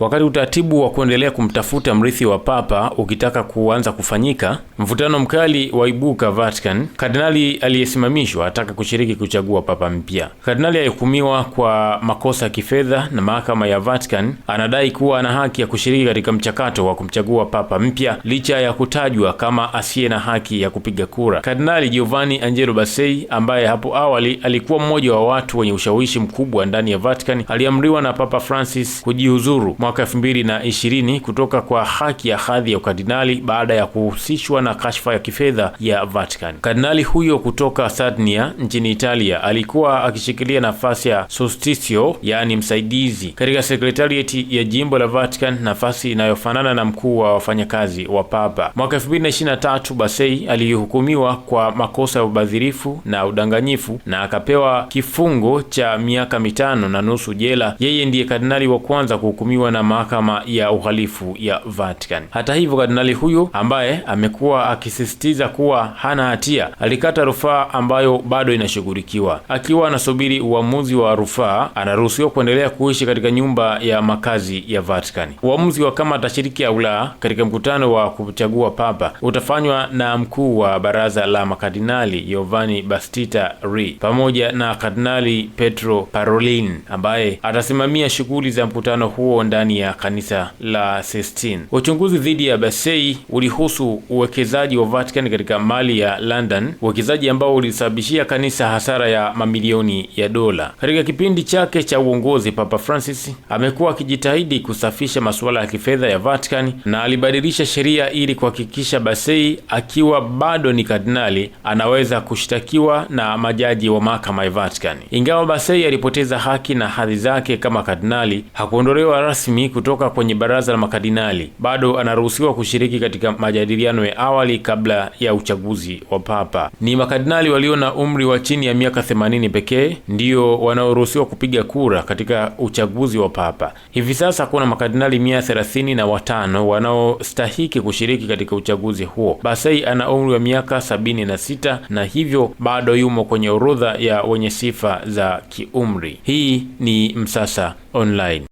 Wakati utaratibu wa kuendelea kumtafuta mrithi wa papa ukitaka kuanza kufanyika, mvutano mkali waibuka Vatican. Kardinali aliyesimamishwa ataka kushiriki kuchagua papa mpya. Kardinali aliyehukumiwa kwa makosa ya kifedha na mahakama ya Vatican anadai kuwa ana haki ya kushiriki katika mchakato wa kumchagua papa mpya licha ya kutajwa kama asiye na haki ya kupiga kura. Kardinali Giovanni Angelo Bassei ambaye hapo awali alikuwa mmoja wa watu wenye ushawishi mkubwa ndani ya Vatican aliamriwa na Papa Francis kujiuzuru mwaka 2020 kutoka kwa haki ya hadhi ya ukardinali baada ya kuhusishwa na kashfa ya kifedha ya Vatican. Kardinali huyo kutoka Sardinia nchini Italia alikuwa akishikilia nafasi ya sostitio, yaani msaidizi katika sekretarieti ya jimbo la Vatican, nafasi inayofanana na mkuu wa wafanyakazi wa Papa. Mwaka 2023 Basei alihukumiwa kwa makosa ya ubadhirifu na udanganyifu na akapewa kifungo cha miaka mitano na nusu jela. Yeye ndiye kardinali wa kwanza kuhukumiwa na na mahakama ya uhalifu ya Vatican. Hata hivyo, kardinali huyu ambaye amekuwa akisisitiza kuwa hana hatia alikata rufaa ambayo bado inashughulikiwa. Akiwa anasubiri uamuzi wa rufaa, anaruhusiwa kuendelea kuishi katika nyumba ya makazi ya Vatican. Uamuzi wa kama atashiriki au la katika mkutano wa kuchagua papa utafanywa na mkuu wa baraza la makardinali Giovanni Battista Re pamoja na kardinali Petro Parolin ambaye atasimamia shughuli za mkutano huo ndani ndani ya kanisa la Sistine. Uchunguzi dhidi ya Basei ulihusu uwekezaji wa Vatican katika mali ya London, uwekezaji ambao ulisababishia kanisa hasara ya mamilioni ya dola. Katika kipindi chake cha uongozi, Papa Francis amekuwa akijitahidi kusafisha masuala ya kifedha ya Vatican na alibadilisha sheria ili kuhakikisha Basei akiwa bado ni kardinali anaweza kushtakiwa na majaji wa mahakama ya Vatican. Ingawa Basei alipoteza haki na hadhi zake kama kardinali, hakuondolewa rasmi maoni kutoka kwenye baraza la makardinali, bado anaruhusiwa kushiriki katika majadiliano ya awali kabla ya uchaguzi wa papa. Ni makardinali walio na umri wa chini ya miaka 80 pekee ndiyo wanaoruhusiwa kupiga kura katika uchaguzi wa papa. Hivi sasa kuna makardinali mia thelathini na watano wanaostahiki kushiriki katika uchaguzi huo. Basei ana umri wa miaka sabini na sita na hivyo bado yumo kwenye orodha ya wenye sifa za kiumri. Hii ni Msasa Online.